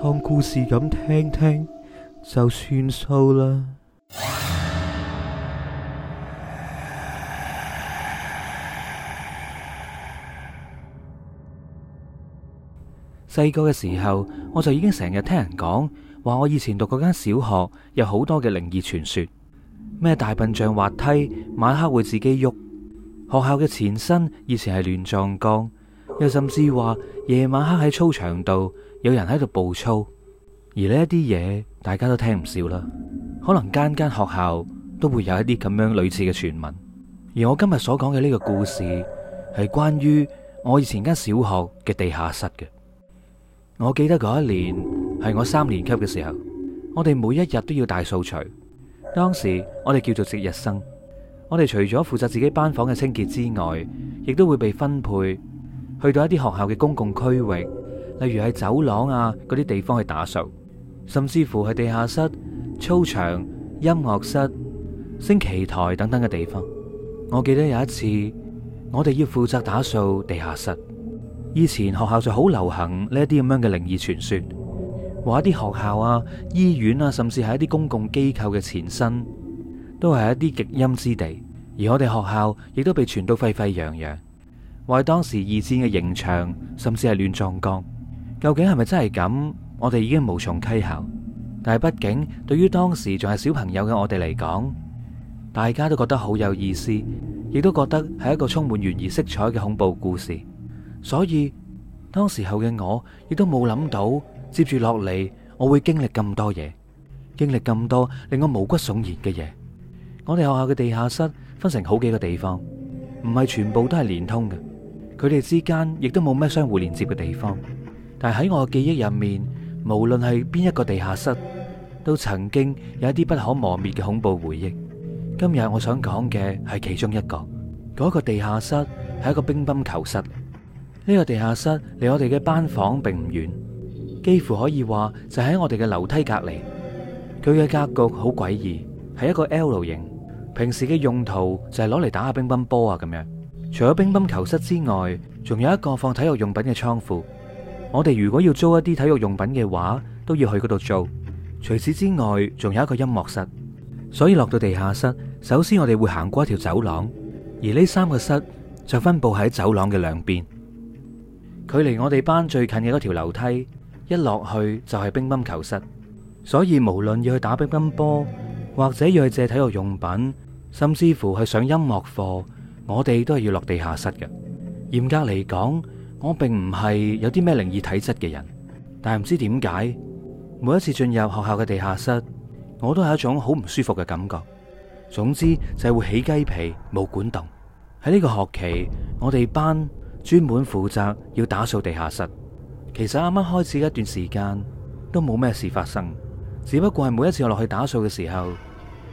當故事咁聽聽就算數啦。細個嘅時候，我就已經成日聽人講話，我以前讀嗰間小學有好多嘅靈異傳說，咩大笨象滑梯晚黑會自己喐，學校嘅前身以前係亂葬崗。又甚至話夜晚黑喺操場度有人喺度暴粗，而呢一啲嘢大家都聽唔少啦。可能間間學校都會有一啲咁樣類似嘅傳聞。而我今日所講嘅呢個故事係關於我以前間小學嘅地下室嘅。我記得嗰一年係我三年級嘅時候，我哋每一日都要大掃除。當時我哋叫做值日生，我哋除咗負責自己班房嘅清潔之外，亦都會被分配。去到一啲學校嘅公共區域，例如喺走廊啊嗰啲地方去打掃，甚至乎係地下室、操場、音樂室、升旗台等等嘅地方。我記得有一次，我哋要負責打掃地下室。以前學校就好流行呢一啲咁樣嘅靈異傳説，話一啲學校啊、醫院啊，甚至係一啲公共機構嘅前身，都係一啲極陰之地。而我哋學校亦都被傳到沸沸揚揚。話當時二戰嘅刑場，甚至係亂葬崗，究竟係咪真係咁？我哋已經無從稽考。但係畢竟對於當時仲係小朋友嘅我哋嚟講，大家都覺得好有意思，亦都覺得係一個充滿懸疑色彩嘅恐怖故事。所以當時候嘅我，亦都冇諗到接住落嚟我會經歷咁多嘢，經歷咁多令我毛骨悚然嘅嘢。我哋學校嘅地下室分成好幾個地方，唔係全部都係連通嘅。佢哋之間亦都冇咩相互連接嘅地方，但係喺我嘅記憶入面，無論係邊一個地下室，都曾經有一啲不可磨滅嘅恐怖回憶。今日我想講嘅係其中一個，嗰個地下室係一個乒乓球室。呢個地下室離我哋嘅班房並唔遠，幾乎可以話就喺我哋嘅樓梯隔籬。佢嘅格局好詭異，係一個 L 型。平時嘅用途就係攞嚟打下乒乓波啊咁樣。除咗乒乓球室之外，仲有一個放體育用品嘅倉庫。我哋如果要租一啲體育用品嘅話，都要去嗰度租。除此之外，仲有一個音樂室。所以落到地下室，首先我哋會行過一條走廊，而呢三個室就分布喺走廊嘅兩邊。距離我哋班最近嘅嗰條樓梯，一落去就係乒乓球室。所以無論要去打乒乓波，或者要去借體育用品，甚至乎去上音樂課。我哋都係要落地下室嘅。嚴格嚟講，我並唔係有啲咩靈異體質嘅人，但係唔知點解，每一次進入學校嘅地下室，我都係一種好唔舒服嘅感覺。總之就係會起雞皮，冇管動。喺呢個學期，我哋班專門負責要打掃地下室。其實啱啱開始嘅一段時間都冇咩事發生，只不過係每一次我落去打掃嘅時候，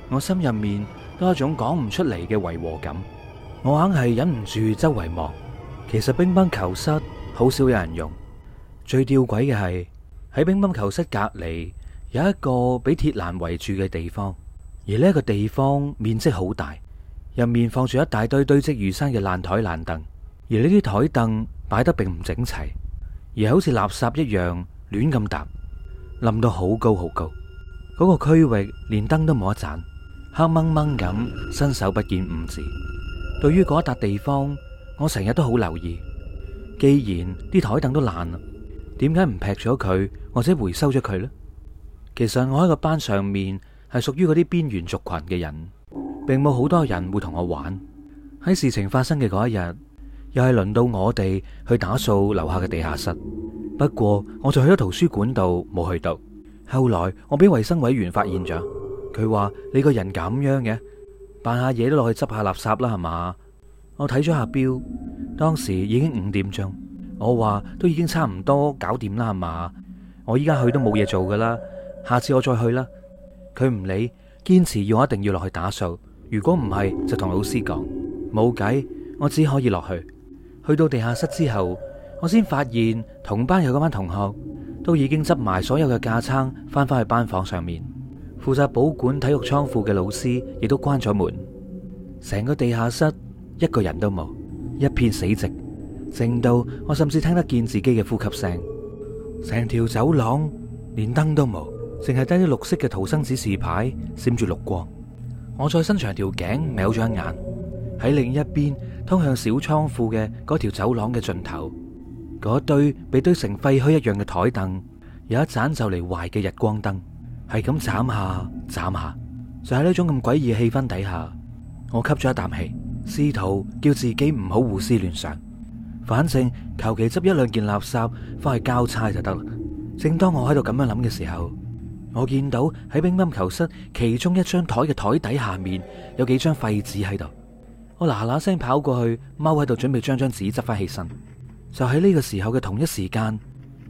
我心入面都有一種講唔出嚟嘅違和感。我硬係忍唔住周圍望，其實乒乓球室好少有人用。最吊詭嘅係喺乒乓球室隔離有一個俾鐵欄圍住嘅地方，而呢一個地方面積好大，入面放住一大堆堆積如山嘅爛檯爛凳，而呢啲檯凳擺得並唔整齊，而好似垃圾一樣亂咁搭，冧到好高好高。嗰個區域連燈都冇一盞，黑掹掹咁，伸手不見五指。對於嗰一笪地方，我成日都好留意。既然啲台凳都爛啦，點解唔劈咗佢或者回收咗佢呢？其實我喺個班上面係屬於嗰啲邊緣族群嘅人，並冇好多人會同我玩。喺事情發生嘅嗰一日，又係輪到我哋去打掃樓下嘅地下室。不過我就去咗圖書館度，冇去到。後來我俾衛生委員發現咗，佢話，你個人咁樣嘅。扮下嘢，都落去執下垃圾啦，係嘛？我睇咗下錶，當時已經五點鐘。我話都已經差唔多搞掂啦，係嘛？我依家去都冇嘢做噶啦下次我再去啦。佢唔理，堅持要我一定要落去打掃。如果唔係，就同老師講冇計。我只可以落去。去到地下室之後，我先發現同班有嗰班同學都已經執埋所有嘅架撐翻返去班房上面。負責保管體育倉庫嘅老師亦都關咗門，成個地下室一個人都冇，一片死寂，靜到我甚至聽得見自己嘅呼吸聲。成條走廊連燈都冇，淨係得啲綠色嘅逃生指示牌閃住綠光。我再伸長條頸瞄咗一眼，喺另一邊通向小倉庫嘅嗰條走廊嘅盡頭，嗰堆被堆成廢墟一樣嘅檯凳，有一盞就嚟壞嘅日光燈。係咁斬下斬下，就喺呢種咁詭異嘅氣氛底下，我吸咗一啖氣，試圖叫自己唔好胡思亂想。反正求其執一兩件垃圾翻去交差就得啦。正當我喺度咁樣諗嘅時候，我見到喺乒乓球室其中一張台嘅台底下面有幾張廢紙喺度，我嗱嗱聲跑過去，踎喺度準備將張紙執翻起身。就喺呢個時候嘅同一時間，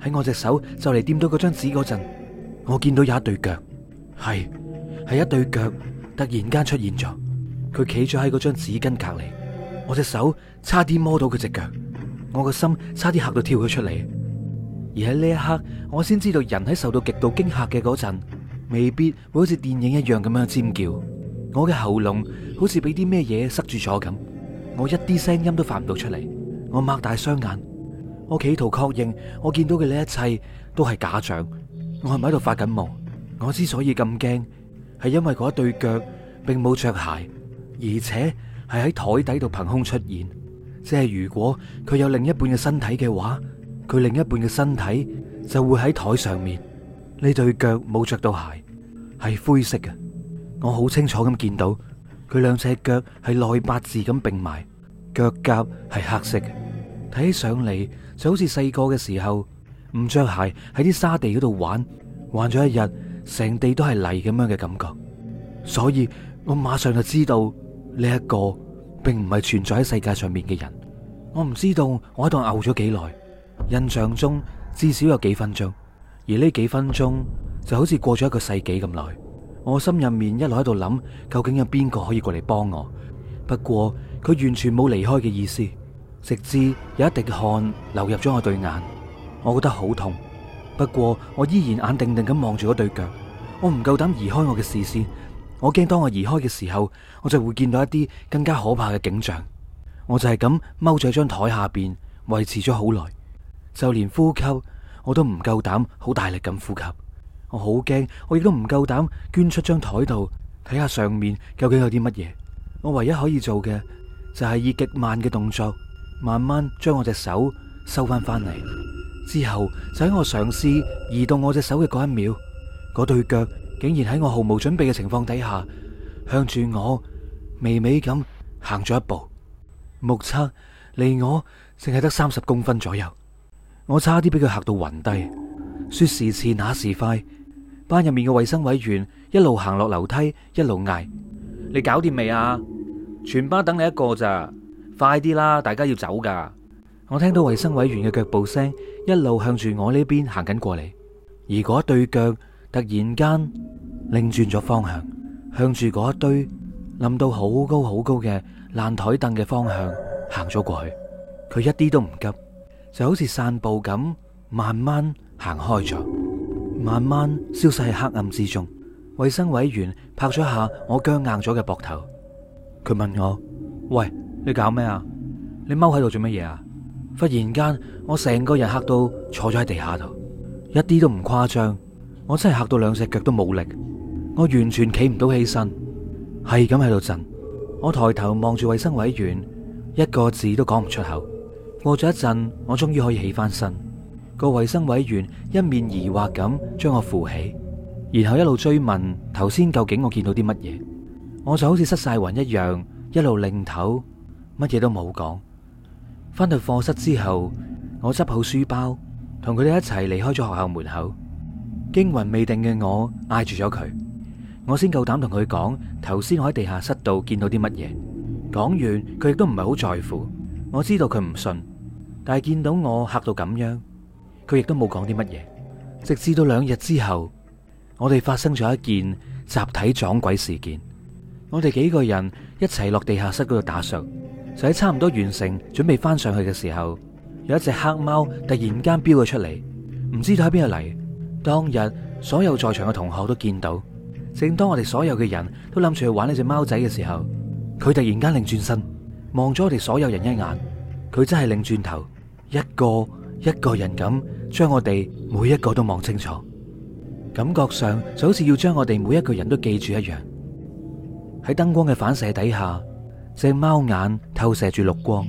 喺我隻手就嚟掂到嗰張紙嗰陣。我見到有一對腳，係係一對腳突然間出現咗，佢企咗喺嗰張紙巾隔籬，我隻手差啲摸到佢隻腳，我個心差啲嚇到跳咗出嚟。而喺呢一刻，我先知道人喺受到極度驚嚇嘅嗰陣，未必會好似電影一樣咁樣尖叫。我嘅喉嚨好似俾啲咩嘢塞住咗咁，我一啲聲音都發唔到出嚟。我擘大雙眼，我企圖確認我見到嘅呢一切都係假象。我係咪喺度發緊夢？我之所以咁驚，係因為嗰對腳並冇着鞋，而且係喺台底度憑空出現。即係如果佢有另一半嘅身體嘅話，佢另一半嘅身體就會喺台上面。呢對腳冇着到鞋，係灰色嘅。我好清楚咁見到佢兩隻腳係內八字咁並埋，腳甲係黑色嘅。睇起上嚟就好似細個嘅時候。唔着鞋喺啲沙地嗰度玩，玩咗一日，成地都係泥咁樣嘅感覺，所以我馬上就知道呢一個並唔係存在喺世界上面嘅人。我唔知道我喺度嘔咗幾耐，印象中至少有幾分鐘，而呢幾分鐘就好似過咗一個世紀咁耐。我心入面一路喺度諗，究竟有邊個可以過嚟幫我？不過佢完全冇離開嘅意思，直至有一滴汗流入咗我對眼。我覺得好痛，不過我依然眼定定咁望住嗰對腳，我唔夠膽移開我嘅視線，我驚當我移開嘅時候，我就會見到一啲更加可怕嘅景象。我就係咁踎咗張台下邊維持咗好耐，就連呼吸我都唔夠膽好大力咁呼吸，我好驚，我亦都唔夠膽捐出張台度睇下上面究竟有啲乜嘢。我唯一可以做嘅就係以極慢嘅動作，慢慢將我隻手收翻翻嚟。之後就喺我嘗試移動我隻手嘅嗰一秒，嗰對腳竟然喺我毫無準備嘅情況底下，向住我微微咁行咗一步，目測離我淨係得三十公分左右，我差啲俾佢嚇到暈低。說時遲那時快，班入面嘅衛生委員一路行落樓梯，一路嗌：你搞掂未啊？全班等你一個咋？快啲啦，大家要走㗎。我聽到衛生委員嘅腳步聲，一路向住我呢邊行緊過嚟，而嗰對腳突然間擰轉咗方向，向住嗰一堆冧到好高好高嘅爛台凳嘅方向行咗過去。佢一啲都唔急，就好似散步咁，慢慢行開咗，慢慢消失喺黑暗之中。衛生委員拍咗下我僵硬咗嘅膊頭，佢問我，喂，你搞咩啊？你踎喺度做乜嘢啊？忽然間，我成個人吓到坐咗喺地下度，一啲都唔誇張。我真係吓到兩隻腳都冇力，我完全企唔到起身，係咁喺度震。我抬頭望住衛生委員，一個字都講唔出口。過咗一陣，我終於可以起翻身。個衛生委員一面疑惑咁將我扶起，然後一路追問頭先究竟我見到啲乜嘢。我就好似失晒魂一樣，一路擰頭，乜嘢都冇講。翻到課室之後，我執好書包，同佢哋一齊離開咗學校門口。驚魂未定嘅我嗌住咗佢，我先夠膽同佢講，頭先我喺地下室度見到啲乜嘢。講完佢亦都唔係好在乎，我知道佢唔信，但係見到我嚇到咁樣，佢亦都冇講啲乜嘢。直至到兩日之後，我哋發生咗一件集體撞鬼事件。我哋幾個人一齊落地下室嗰度打掃。就喺差唔多完成準備翻上去嘅時候，有一隻黑貓突然間飆咗出嚟，唔知道喺邊度嚟。當日所有在場嘅同學都見到，正當我哋所有嘅人都諗住去玩呢隻貓仔嘅時候，佢突然間擰轉身，望咗我哋所有人一眼。佢真係擰轉頭，一個一個人咁將我哋每一個都望清楚，感覺上就好似要將我哋每一個人都記住一樣。喺燈光嘅反射底下。隻貓眼透射住綠光，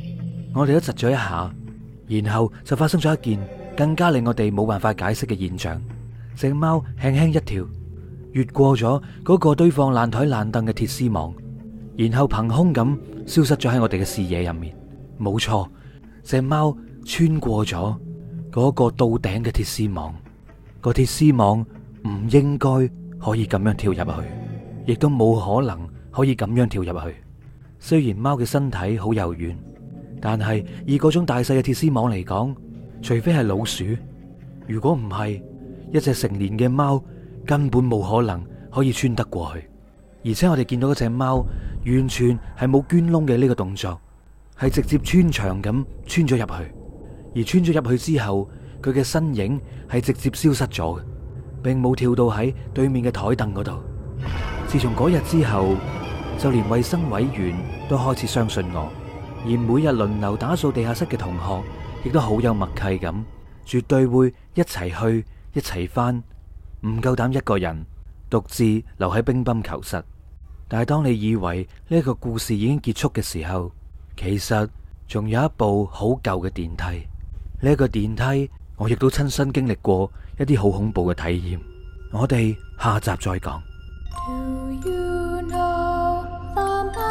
我哋都窒咗一下，然後就發生咗一件更加令我哋冇辦法解釋嘅現象。隻貓輕輕一跳，越過咗嗰個堆放爛台爛凳嘅鐵絲網，然後憑空咁消失咗喺我哋嘅視野入面。冇錯，隻貓穿過咗嗰個到頂嘅鐵絲網，個鐵絲網唔應該可以咁樣跳入去，亦都冇可能可以咁樣跳入去。雖然貓嘅身體好柔軟，但係以嗰種大細嘅鐵絲網嚟講，除非係老鼠，如果唔係一隻成年嘅貓根本冇可能可以穿得過去。而且我哋見到嗰隻貓完全係冇捐窿嘅呢個動作，係直接穿牆咁穿咗入去，而穿咗入去之後，佢嘅身影係直接消失咗嘅，並冇跳到喺對面嘅台凳嗰度。自從嗰日之後，就連衛生委員。都開始相信我，而每日輪流打掃地下室嘅同學，亦都好有默契咁，絕對會一齊去，一齊返，唔夠膽一個人獨自留喺乒乓球室。但係當你以為呢個故事已經結束嘅時候，其實仲有一部好舊嘅電梯。呢個電梯，我亦都親身經歷過一啲好恐怖嘅體驗。我哋下集再講。